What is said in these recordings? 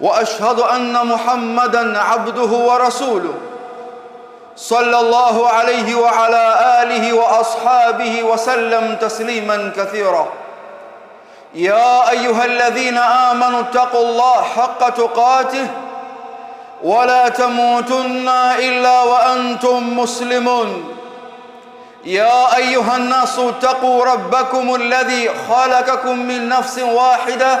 واشهد ان محمدا عبده ورسوله صلى الله عليه وعلى اله واصحابه وسلم تسليما كثيرا يا ايها الذين امنوا اتقوا الله حق تقاته ولا تموتن الا وانتم مسلمون يا ايها الناس اتقوا ربكم الذي خلقكم من نفس واحده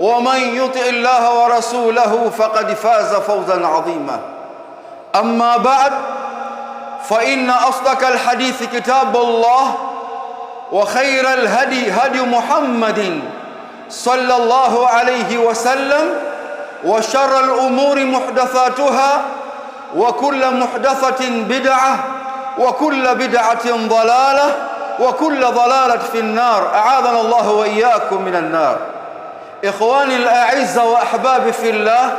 ومن يطع الله ورسوله فقد فاز فوزا عظيما أما بعد فإن أصدق الحديث كتاب الله وخير الهدي هدي محمد صلى الله عليه وسلم وشر الأمور محدثاتها وكل محدثة بدعة وكل بدعة ضلالة وكل ضلالة في النار أعاذنا الله وإياكم من النار إخواني الأعزة وأحبابي في الله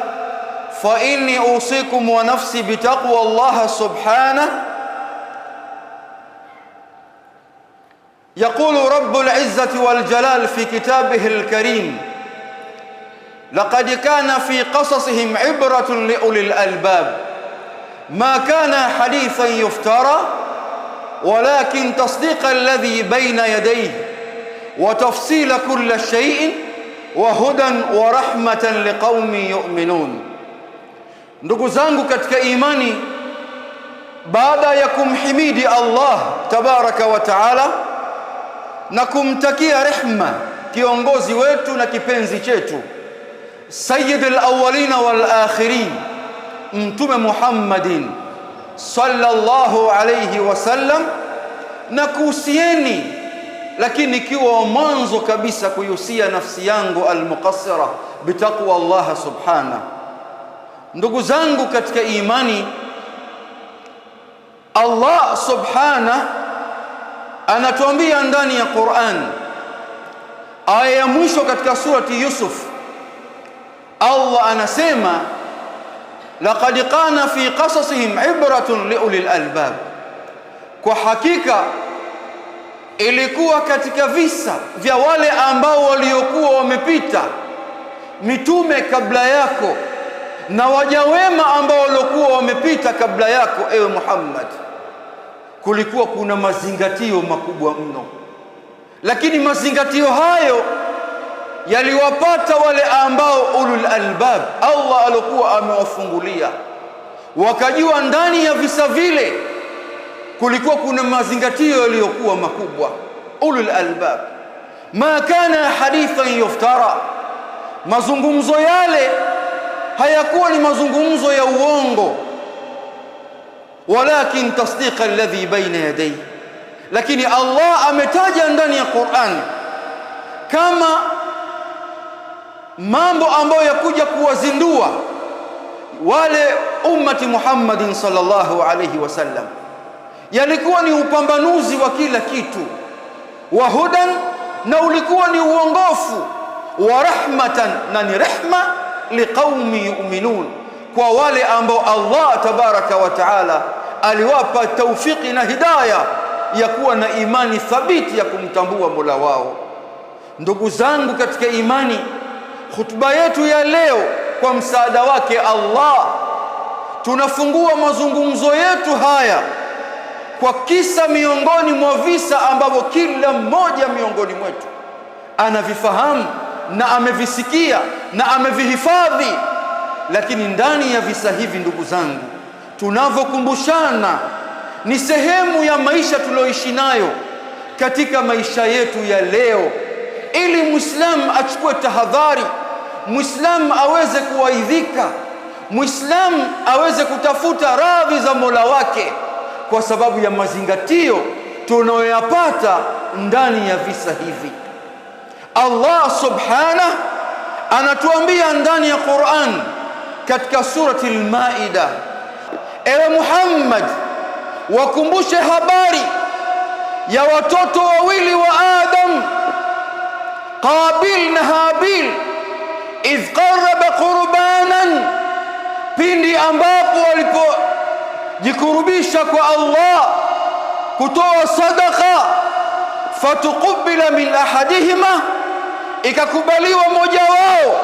فإني أوصيكم ونفسي بتقوى الله سبحانه يقول رب العزة والجلال في كتابه الكريم لقد كان في قصصهم عبرة لأولي الألباب ما كان حديثا يفترى ولكن تصديق الذي بين يديه وتفصيل كل شيء wa hudan wa rahmatan liqaumi yu'minun. Ndugu zangu katika imani, baada ya kumhimidi Allah tabaraka wa taala na kumtakia rehma kiongozi wetu na kipenzi chetu sayyid al-awwalina wal-akhirin mtume Muhammadin sallallahu alayhi wasallam, na kuhusieni lakini ikiwa wa mwanzo kabisa kuihusia nafsi yangu almuqassira bitaqwa Allah subhana. Ndugu zangu katika imani, Allah subhana anatuambia ndani ya Qur'an, aya ya mwisho katika surati Yusuf, Allah anasema laqad kana fi qasasihim ibratun liulil albab, kwa hakika ilikuwa katika visa vya wale ambao waliokuwa wamepita mitume kabla yako na waja wema ambao waliokuwa wamepita kabla yako, ewe Muhammad, kulikuwa kuna mazingatio makubwa mno, lakini mazingatio hayo yaliwapata wale ambao ulul albab, Allah aliokuwa amewafungulia, wakajua ndani ya visa vile kulikuwa kuna mazingatio yaliyokuwa makubwa. Ulul albab ma kana hadithan yuftara, mazungumzo yale hayakuwa ni mazungumzo ya uongo, walakin tasdiqa alladhi baina yadayhi, lakini Allah ametaja ndani ya Qur'an kama mambo ambayo yakuja kuwazindua wale ummati Muhammadin sallallahu alayhi wasallam yalikuwa ni upambanuzi wa kila kitu, wa hudan, na ulikuwa ni uongofu, wa rahmatan, na ni rehma, liqaumi yuminun, kwa wale ambao Allah tabaraka wa taala aliwapa taufiki na hidaya ya kuwa na imani thabiti ya kumtambua mola wao. Ndugu zangu katika imani, khutba yetu ya leo kwa msaada wake Allah tunafungua mazungumzo yetu haya kwa kisa miongoni mwa visa ambavyo kila mmoja miongoni mwetu anavifahamu na amevisikia na amevihifadhi. Lakini ndani ya visa hivi, ndugu zangu, tunavyokumbushana ni sehemu ya maisha tuliyoishi nayo katika maisha yetu ya leo, ili mwislamu achukue tahadhari, mwislamu aweze kuwaidhika, mwislamu aweze kutafuta radhi za mola wake kwa sababu ya mazingatio tunayoyapata ndani ya visa hivi. Allah subhanah anatuambia ndani ya Qur'an katika surati al-Maida, ewe Muhammad, wakumbushe habari ya watoto wawili wa Adam, Qabil na Habil, idh qaraba qurbanan, pindi ambapo walipo jikurubisha kwa Allah kutoa sadaka, fatukubila min ahadihima, ikakubaliwa mmoja wao,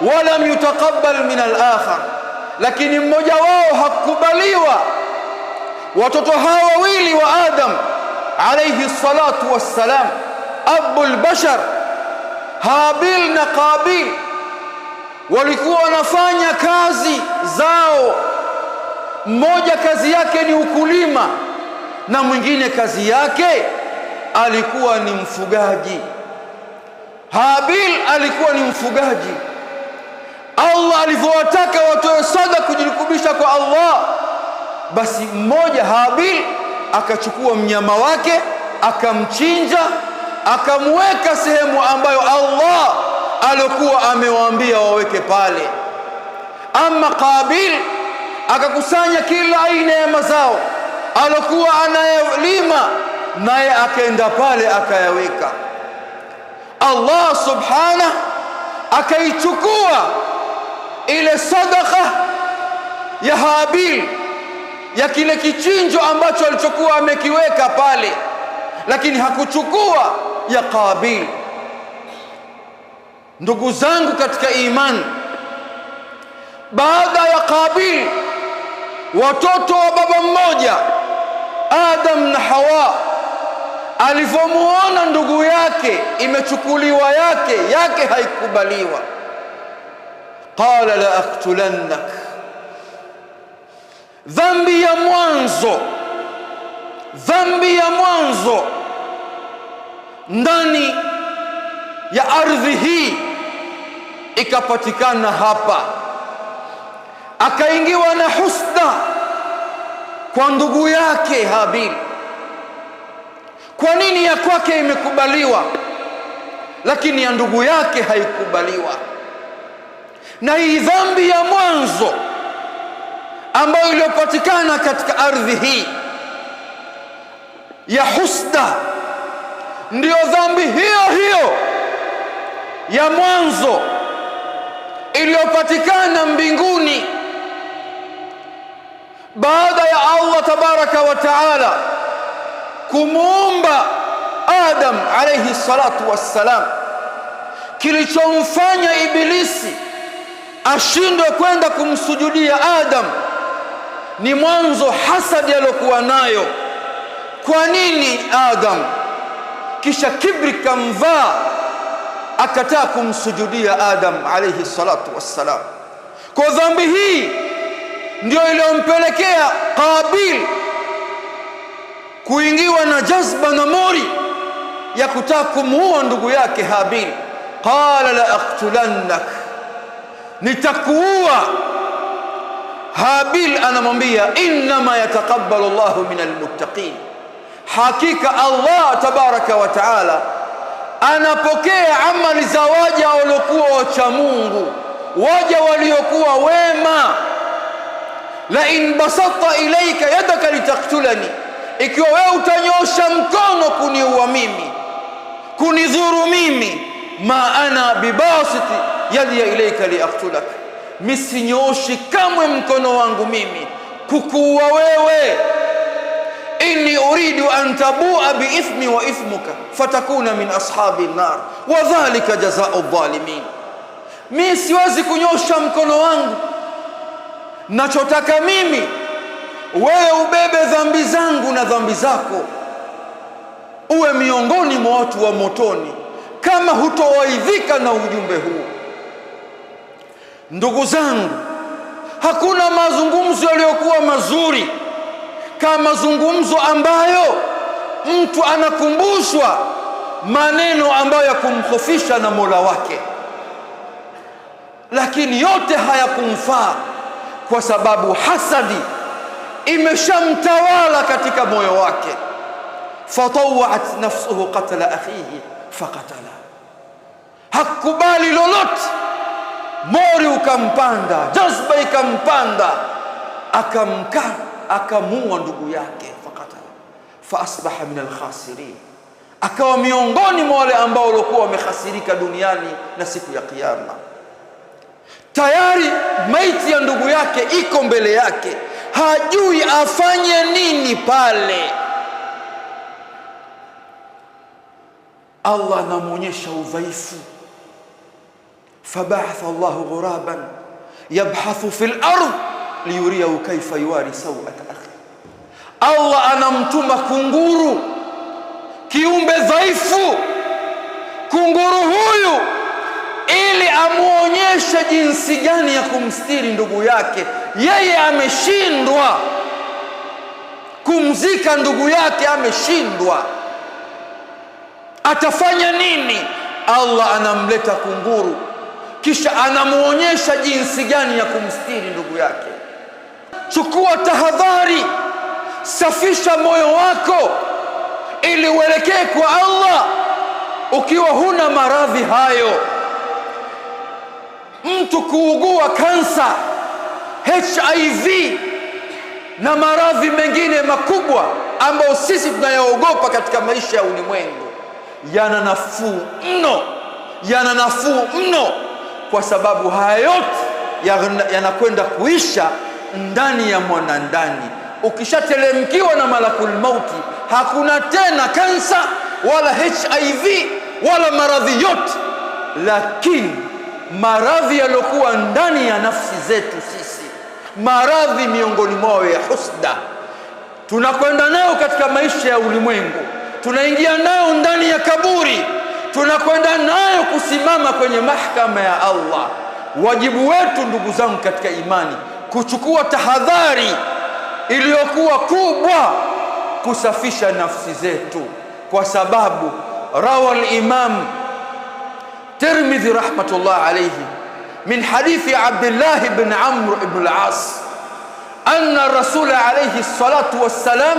walam yutaqabbal min alakhar lakini mmoja wao hakukubaliwa. Watoto hawa wawili wa Adam alayhi salatu wassalam, abul bashar Habil na Qabil walikuwa wanafanya kazi zao mmoja kazi yake ni ukulima na mwingine kazi yake alikuwa ni mfugaji. Habil alikuwa ni mfugaji. Allah alivyowataka watoe sada kujirukubisha kwa Allah, basi mmoja Habil akachukua mnyama wake akamchinja, akamweka sehemu ambayo Allah alikuwa amewaambia waweke pale. Ama Qabil akakusanya kila aina ya mazao alokuwa anayalima, naye akaenda pale akayaweka. Allah subhana akaichukua ile sadaka ya Habil ya kile kichinjo ambacho alichokuwa amekiweka pale, lakini hakuchukua ya Qabil. Ndugu zangu katika imani, baada ya Qabil watoto wa baba mmoja Adam na Hawa, alivyomuona ndugu yake imechukuliwa yake yake haikubaliwa, qala la aktulannak, dhambi ya mwanzo, dhambi ya mwanzo ndani ya ardhi hii ikapatikana hapa akaingiwa na husda kwa ndugu yake Habili. Kwa nini ya kwake imekubaliwa lakini ya ndugu yake haikubaliwa? Na hii dhambi ya mwanzo ambayo iliyopatikana katika ardhi hii ya husda, ndiyo dhambi hiyo hiyo ya mwanzo iliyopatikana mbinguni baada ya Allah tabaraka wa taala kumuumba Adam alayhi salatu wassalam, kilichomfanya Ibilisi ashindwe kwenda kumsujudia Adam ni mwanzo hasadi aliyokuwa nayo. Kwa nini Adam? Kisha kibri kamvaa akataa kumsujudia Adam alayhi salatu wassalam. Kwa dhambi hii ndio iliyompelekea Qabil kuingiwa na jazba na mori ya kutaka kumuua ndugu yake Habil. Qala la aqtulannak, nitakuua. Habil anamwambia innama yataqabbalu Allahu min almuttaqin, hakika Allah tabaraka wa taala anapokea amali za waja waliokuwa wacha Mungu, waja waliokuwa wema la in basata ilaika yadaka litaktulani, ikiwa wewe utanyosha mkono kuniua mimi kunidhuru mimi, ma ana bibasiti yadiya ilaika liaktulak, misinyoshi kamwe mkono wangu mimi kukuua wewe. inni uridu an tabua biithmi wa ithmuka fatakuna min ashabi nar wa dhalika jazau dhalimin, mi siwezi kunyosha mkono wangu nachotaka mimi wewe ubebe dhambi zangu na dhambi zako, uwe miongoni mwa watu wa motoni kama hutowaidhika na ujumbe huu. Ndugu zangu, hakuna mazungumzo yaliyokuwa mazuri kama mazungumzo ambayo mtu anakumbushwa maneno ambayo ya kumhofisha na Mola wake, lakini yote hayakumfaa kwa sababu hasadi imeshamtawala katika moyo wake. Fatawat nafsuhu qatala akhihi faqatala, hakubali lolote, mori ukampanda, jazba ikampanda, akamka akamua ndugu yake, faqatala faasbaha min alkhasirin, akawa miongoni mwa wale ambao waliokuwa wamekhasirika duniani na siku ya Kiyama. Tayari maiti ya ndugu yake iko mbele yake, hajui afanye nini pale. Allah anamwonyesha udhaifu. Fabaatha Allahu ghuraban yabhathu fil ardh liyuriyahu kaifa yuwari sawata akhi. Allah anamtuma kunguru, kiumbe dhaifu. Kunguru huyu ili amwonyeshe jinsi gani ya kumstiri ndugu yake. Yeye ameshindwa kumzika ndugu yake, ameshindwa. Atafanya nini? Allah anamleta kunguru, kisha anamwonyesha jinsi gani ya kumstiri ndugu yake. Chukua tahadhari, safisha moyo wako ili uelekee kwa Allah ukiwa huna maradhi hayo mtu kuugua kansa, HIV na maradhi mengine makubwa ambayo sisi tunayaogopa katika maisha ya ulimwengu yana nafuu mno, yana nafuu mno, kwa sababu haya yote yanakwenda kuisha ndani ya mwanandani. Ukishatelemkiwa na malakul mauti, hakuna tena kansa wala HIV wala maradhi yote, lakini maradhi yaliyokuwa ndani ya nafsi zetu sisi, maradhi miongoni mwao ya husda. Tunakwenda nayo katika maisha ya ulimwengu, tunaingia nayo ndani ya kaburi, tunakwenda nayo kusimama kwenye mahakama ya Allah. Wajibu wetu ndugu zangu katika imani, kuchukua tahadhari iliyokuwa kubwa, kusafisha nafsi zetu, kwa sababu rawal imam Tirmidhi rahmatullah alayhi min hadithi Abdullah ibn Amr ibn al-As anna rasul alayhi salatu wassalam,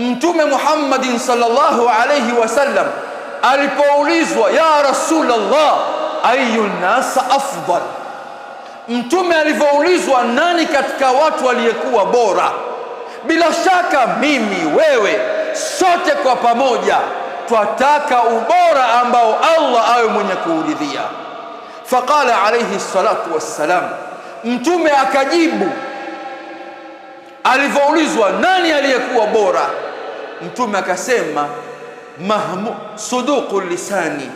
Mtume Muhammadin sallallahu alayhi wasallam alipoulizwa ya Rasulullah, ayu nas afdal, Mtume alivyoulizwa nani katika watu waliyekuwa bora, bila shaka mimi, wewe, sote kwa pamoja twataka ubora ambao Allah awe mwenye kuuridhia. Faqala alayhi salatu wassalam, Mtume akajibu alivyoulizwa nani aliyekuwa bora, Mtume akasema mahmu suduqu lisani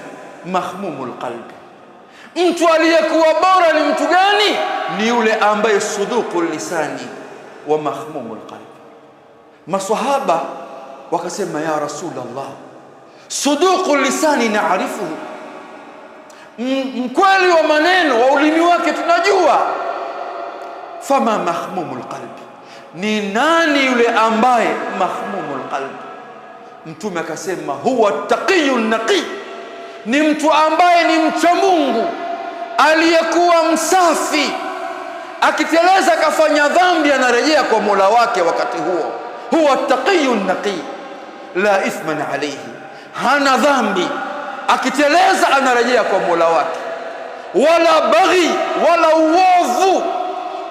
mahmumul qalbi, mtu aliyekuwa bora ni mtu gani? Ni yule ambaye suduqu lisani wa mahmumul qalbi. Maswahaba wakasema ya Rasulullah suduku lisani naarifuhu, mkweli wa maneno wa ulimi wake tunajua. Fama mahmumu lqalbi, ni nani yule ambaye mahmumu lqalbi? Mtume akasema huwa taqiyu naqi, ni mtu ambaye ni mcha Mungu aliyekuwa msafi, akiteleza akafanya dhambi anarejea kwa mola wake wakati huo. Huwa taqiyu naqi la ithman alaihi hana dhambi, akiteleza anarejea kwa Mola wake, wala baghi wala uovu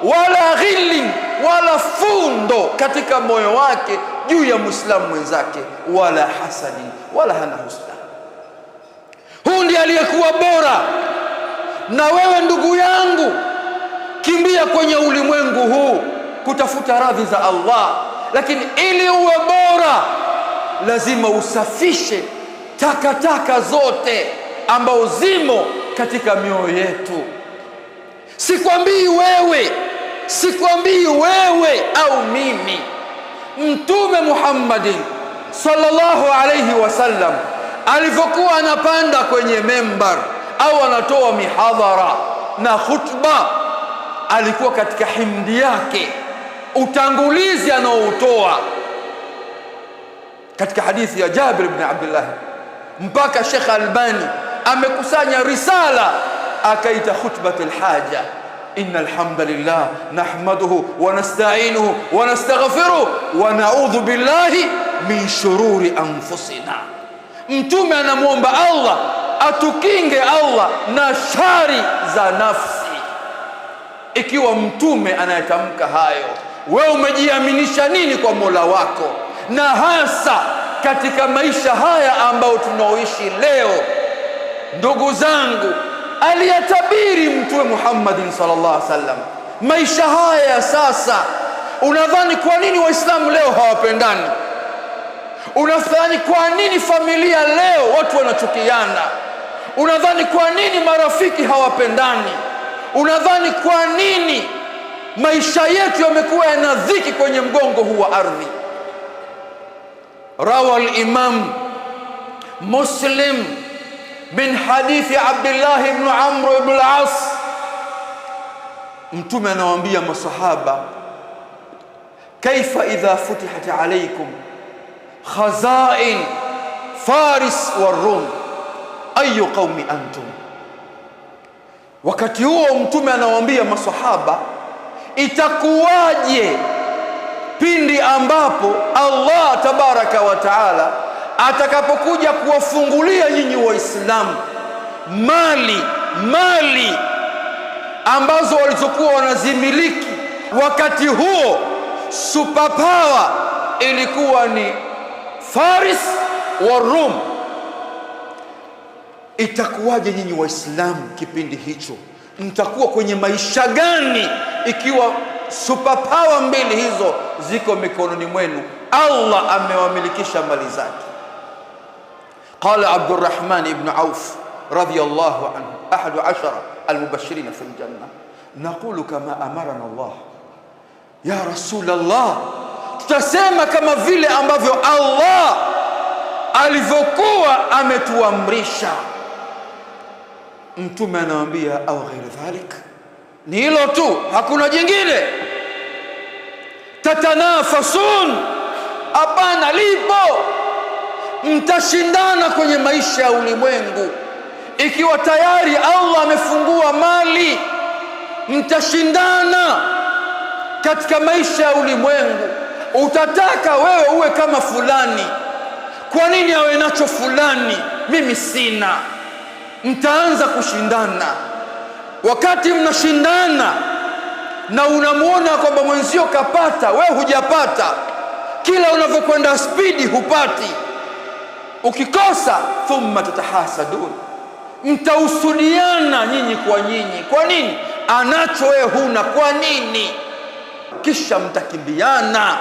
wala ghilin wala fundo katika moyo wake juu ya mwislamu mwenzake, wala hasadi wala hana husda. Huu ndiye aliyekuwa bora. Na wewe ndugu yangu, kimbia kwenye ulimwengu huu kutafuta radhi za Allah, lakini ili uwe bora lazima usafishe takataka taka zote ambao zimo katika mioyo yetu. Sikwambii wewe, sikwambii wewe au mimi. Mtume Muhammadin sallallahu alayhi wasallam alivyokuwa anapanda kwenye membar au anatoa mihadhara na khutba, alikuwa katika himdi yake, utangulizi anaoutoa katika hadithi ya Jabir ibn Abdullah mpaka Sheikh Albani amekusanya risala akaita khutbatul haja inna alhamdulillah nahmaduhu wa nasta'inuhu wa nastaghfiruhu wa na'udhu billahi min shururi anfusina. Mtume anamwomba Allah atukinge Allah na shari za nafsi. Ikiwa mtume anayetamka hayo, wewe umejiaminisha nini kwa Mola wako na hasa katika maisha haya ambayo tunaoishi leo, ndugu zangu, aliyatabiri Mtume Muhammadin sallallahu alaihi wasallam maisha haya sasa. Unadhani kwa nini Waislamu leo hawapendani? Unadhani kwa nini familia leo watu wanachukiana? Unadhani kwa nini marafiki hawapendani? Unadhani kwa nini maisha yetu yamekuwa yana dhiki kwenye mgongo huu wa ardhi? روى الإمام مسلم من حديث عبد الله بن عمرو بن العاص أنتم أنا وأنبياء الصحابة كيف إذا فتحت عليكم خزائن فارس والروم أي قوم أنتم وكتيوه أنتم أنا وأنبياء الصحابة إتكواجيه pindi ambapo Allah tabaraka wa taala atakapokuja kuwafungulia nyinyi Waislamu mali mali ambazo walizokuwa wanazimiliki wakati huo. Superpower ilikuwa ni Faris wa Rum. Itakuwaje nyinyi Waislamu kipindi hicho? Mtakuwa kwenye maisha gani ikiwa superpower mbili hizo ziko mikononi mwenu. Allah amewamilikisha mali zake. Qala Abdurrahman ibn Auf radiyallahu anhu ahadu ashara almubashirina fi ljanna, naqulu kama amarana Allah ya rasul Allah, tutasema kama vile ambavyo Allah alivyokuwa ametuamrisha. Mtume anawambia au ghairi dhalik ni hilo tu, hakuna jingine. Tatanafasun, hapana lipo, mtashindana kwenye maisha ya ulimwengu. Ikiwa tayari Allah amefungua mali, mtashindana katika maisha ya ulimwengu. Utataka wewe uwe kama fulani, kwa nini awe nacho fulani, mimi sina? Mtaanza kushindana. Wakati mnashindana na unamwona kwamba mwenzio kapata, wewe hujapata, kila unavyokwenda spidi hupati, ukikosa, thumma tatahasadun, mtahusudiana nyinyi kwa nyinyi. Kwa nini? Anacho wewe huna, kwa nini? Kisha mtakimbiana.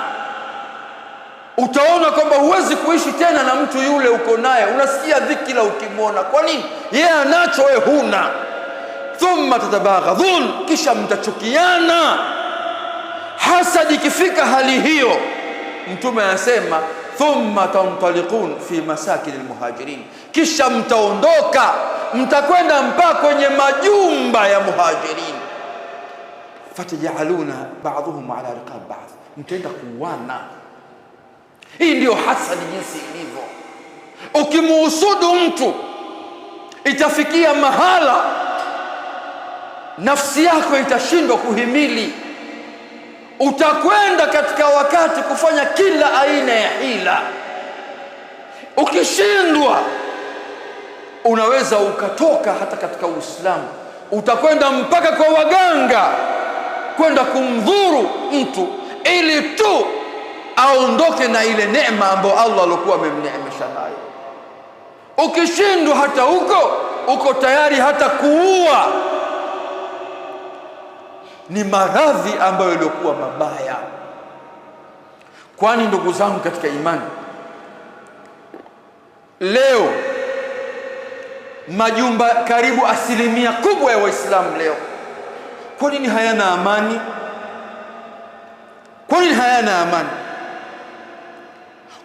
Utaona kwamba huwezi kuishi tena na mtu yule uko naye, unasikia dhiki la ukimwona. Kwa nini? Yeye anacho wewe huna thumma tatabaghadhun, kisha mtachukiana. Hasadi ikifika hali hiyo, Mtume anasema thumma tantaliqun fi masakin almuhajirin, kisha mtaondoka, mtakwenda mpaka kwenye majumba ya muhajirin. Fatajaluna ba'dhuhum ala riqab ba'd, mtaenda kuuana. Hii ndiyo hasadi jinsi ilivyo. Ukimuhusudu mtu itafikia mahala nafsi yako itashindwa kuhimili. Utakwenda katika wakati kufanya kila aina ya hila. Ukishindwa unaweza ukatoka hata katika Uislamu, utakwenda mpaka kwa waganga kwenda kumdhuru mtu ili tu aondoke na ile neema ambayo Allah alikuwa amemneemesha nayo. Ukishindwa hata huko, uko tayari hata kuua ni maradhi ambayo yaliokuwa mabaya. Kwani ndugu zangu katika imani, leo majumba karibu asilimia kubwa ya Waislamu leo, kwa nini hayana amani? Kwa nini hayana amani?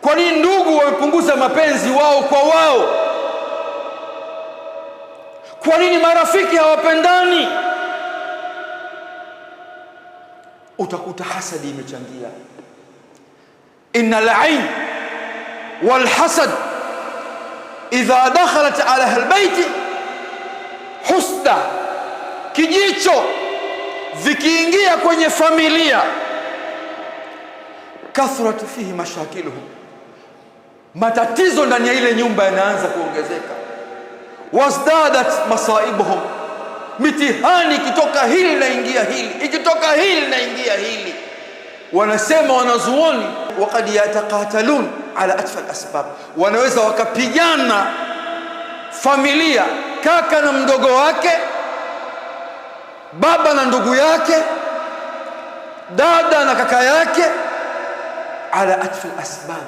Kwa nini ndugu wamepunguza mapenzi wao kwa wao? Kwa nini marafiki hawapendani? utakuta hasadi imechangia. al-ayn wal hasad idha dakhalat ala ahlbeiti husda, kijicho vikiingia kwenye familia, kathrat fihi mashakiluhum, matatizo ndani ya ile nyumba yanaanza kuongezeka. Wasdadat masaibuhum mitihani ikitoka hili naingia hili, ikitoka hili naingia hili. Wanasema wanazuoni wakad yataqatalun ala atfal asbab, wanaweza wakapigana familia, kaka na mdogo wake, baba na ndugu yake, dada na kaka yake, ala atfal asbab,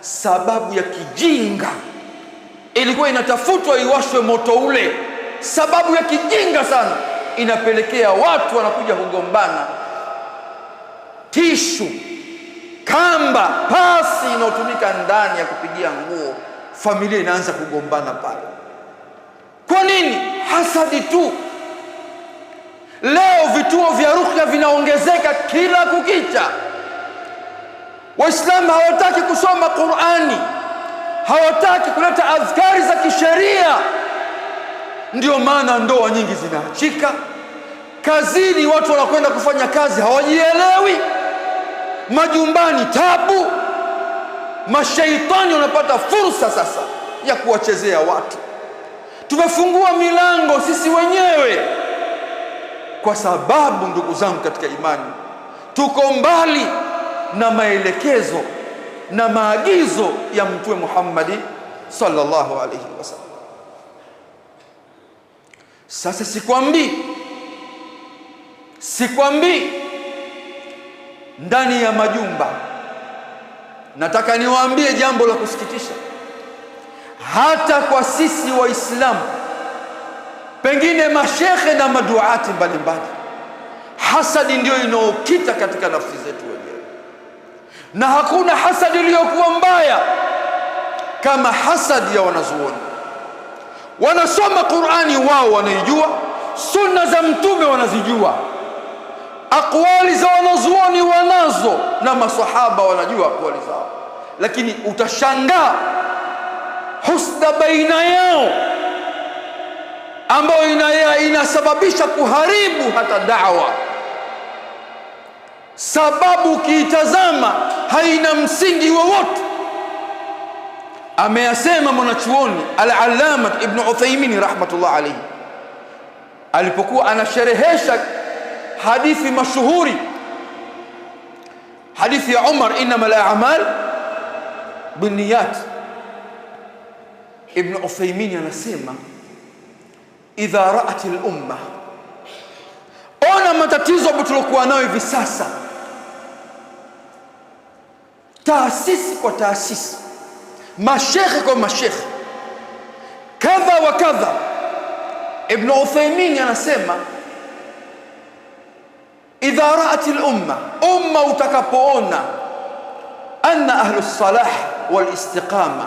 sababu ya kijinga ilikuwa inatafutwa iwashwe moto ule sababu ya kijinga sana inapelekea watu wanakuja kugombana. Tishu, kamba, pasi inayotumika ndani ya kupigia nguo, familia inaanza kugombana pale. Kwa nini? Hasadi tu. Leo vituo vya rukya vinaongezeka kila kukicha. Waislamu hawataki kusoma Qurani, hawataki kuleta adhkari za kisheria ndio maana ndoa nyingi zinaachika. Kazini watu wanakwenda kufanya kazi hawajielewi, majumbani tabu. Mashaitani wanapata fursa sasa ya kuwachezea watu. Tumefungua milango sisi wenyewe, kwa sababu ndugu zangu katika imani, tuko mbali na maelekezo na maagizo ya Mtume Muhammadi sallallahu alaihi wasallam. Sasa sikwambii, sikwambi ndani ya majumba. Nataka niwaambie jambo la kusikitisha, hata kwa sisi Waislamu, pengine mashekhe na maduati mbalimbali, hasadi ndiyo inaokita katika nafsi zetu wenyewe, na hakuna hasadi iliyokuwa mbaya kama hasadi ya wanazuoni wanasoma Qur'ani, wao wanaijua, sunna za mtume wanazijua, aqwali za wanazuoni wanazo, na masahaba wanajua aqwali zao, lakini utashangaa husda baina yao ambayo inasababisha kuharibu hata dawa. Sababu ukiitazama haina msingi wowote ameyasema mwanachuoni al-Allama Ibn Uthaymeen rahmatullah alayhi alipokuwa anasherehesha hadithi mashuhuri hadithi ya Umar innamal a'mal binniyat Ibn Uthaymeen anasema idha ra'at al-umma ona matatizo ambayo tulokuwa nayo hivi sasa taasisi kwa taasisi مشيخ يكون مشيخ كذا وكذا ابن عثيمين ينسمى إذا رأت الأمة أمة وتكبؤنا أن أهل الصلاح والاستقامة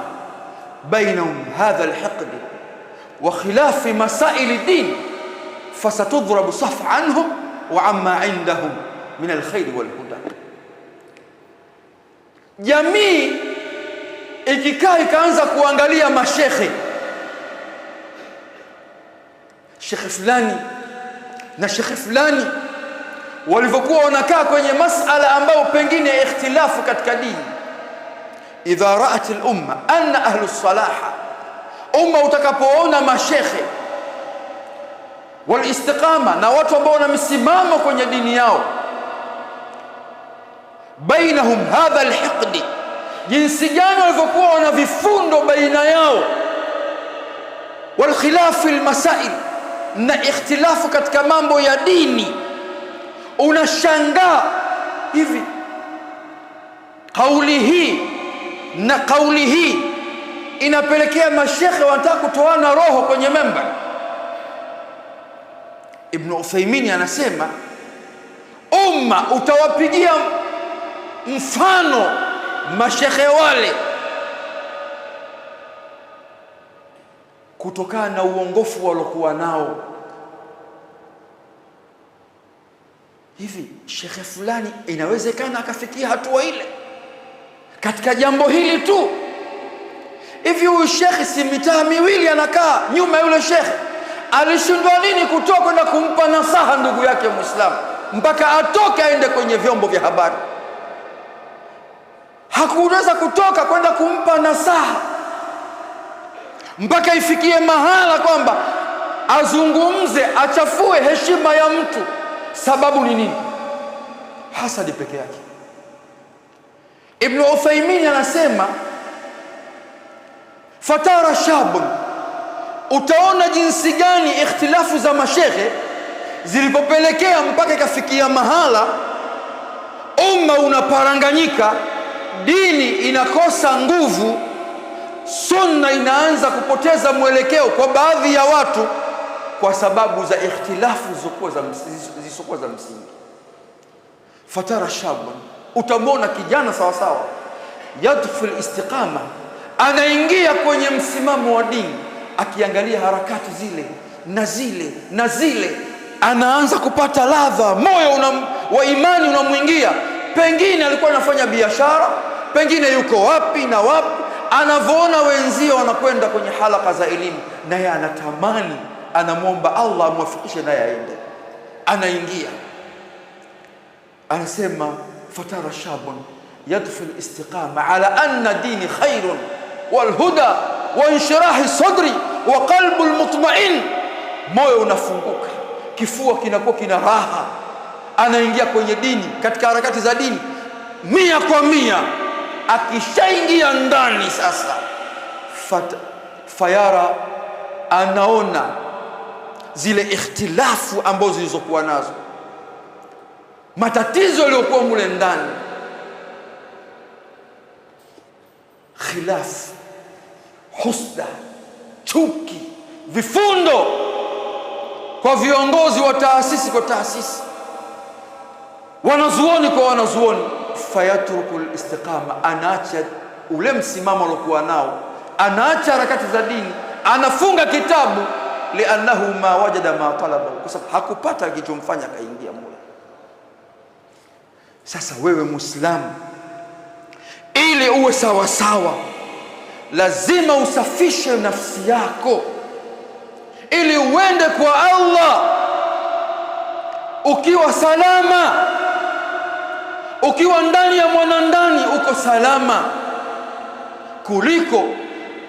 بينهم هذا الحقد وخلاف مسائل الدين فستضرب صف عنهم وعما عندهم من الخير والهدى جميل ikikaa ikaanza kuangalia mashekhe, shekhe fulani na shekhe fulani walivyokuwa wanakaa kwenye masala ambayo pengine ya ikhtilafu katika dini. Idha raat lumma anna ahlu salaha, umma utakapoona mashekhe walistiqama na watu ambao wana misimamo kwenye dini yao, bainahum hadha alhiqdi jinsi gani walivyokuwa wana vifundo baina yao, walkhilafu lmasail, na ikhtilafu katika mambo ya dini. Unashangaa hivi kauli hii na kauli hii inapelekea mashekhe wanataka kutoana roho kwenye memba. Ibnu Uthaimini anasema umma utawapigia mfano mashekhe wale kutokana na uongofu waliokuwa nao. Hivi shekhe fulani inawezekana akafikia hatua ile katika jambo hili tu? Hivi huyu shekhe si mitaa miwili anakaa nyuma yule shekhe, alishindwa nini kutoa kwenda kumpa nasaha ndugu yake Muislamu mpaka atoke aende kwenye vyombo vya habari? hakuweza kutoka kwenda kumpa nasaha mpaka ifikie mahala kwamba azungumze, achafue heshima ya mtu. Sababu ni nini? Hasadi peke yake. Ibnu Uthaimini anasema fatara shabun, utaona jinsi gani ikhtilafu za mashehe zilipopelekea mpaka ikafikia mahala umma unaparanganyika dini inakosa nguvu, sunna inaanza kupoteza mwelekeo kwa baadhi ya watu kwa sababu za ikhtilafu zisizokuwa za msingi. Fatara shaban, utamwona kijana sawasawa, yadkhul istiqama, anaingia kwenye msimamo wa dini, akiangalia harakati zile na zile na zile, anaanza kupata ladha, moyo wa imani unamwingia. Pengine alikuwa anafanya biashara pengine yuko wapi na wapi, anavyoona wenzio wanakwenda kwenye halaka za elimu, naye anatamani, anamwomba Allah amwafikishe naye aende. Anaingia anasema, fatara shabun yadfu listiqama ala anna dini khairun walhuda wa inshirahi sadri wa qalbu lmutmain, moyo unafunguka, kifua kinakuwa kina raha, anaingia kwenye dini, katika harakati za dini mia kwa mia Akishaingia ndani sasa fat, fayara anaona zile ikhtilafu ambazo zilizokuwa nazo, matatizo yaliyokuwa mule ndani, khilafu, husda, chuki, vifundo kwa viongozi wa taasisi kwa taasisi, wanazuoni kwa wanazuoni fayatruku listiqama, anaacha ule msimamo aliokuwa nao, anaacha harakati za dini, anafunga kitabu liannahu ma wajada ma talaba, kwa sababu hakupata kilichomfanya akaingia mule. Sasa wewe Muislamu, ili uwe sawasawa sawa, lazima usafishe nafsi yako ili uende kwa Allah ukiwa salama ukiwa ndani ya mwanandani uko salama kuliko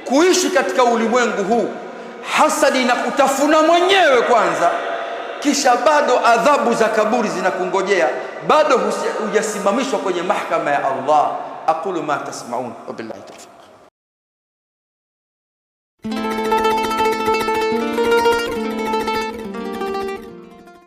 kuishi katika ulimwengu huu hasadi na kutafuna mwenyewe kwanza, kisha bado adhabu za kaburi zinakungojea, bado hujasimamishwa kwenye mahakama ya Allah. aqulu ma tasmaun, wabillahi tawfiq.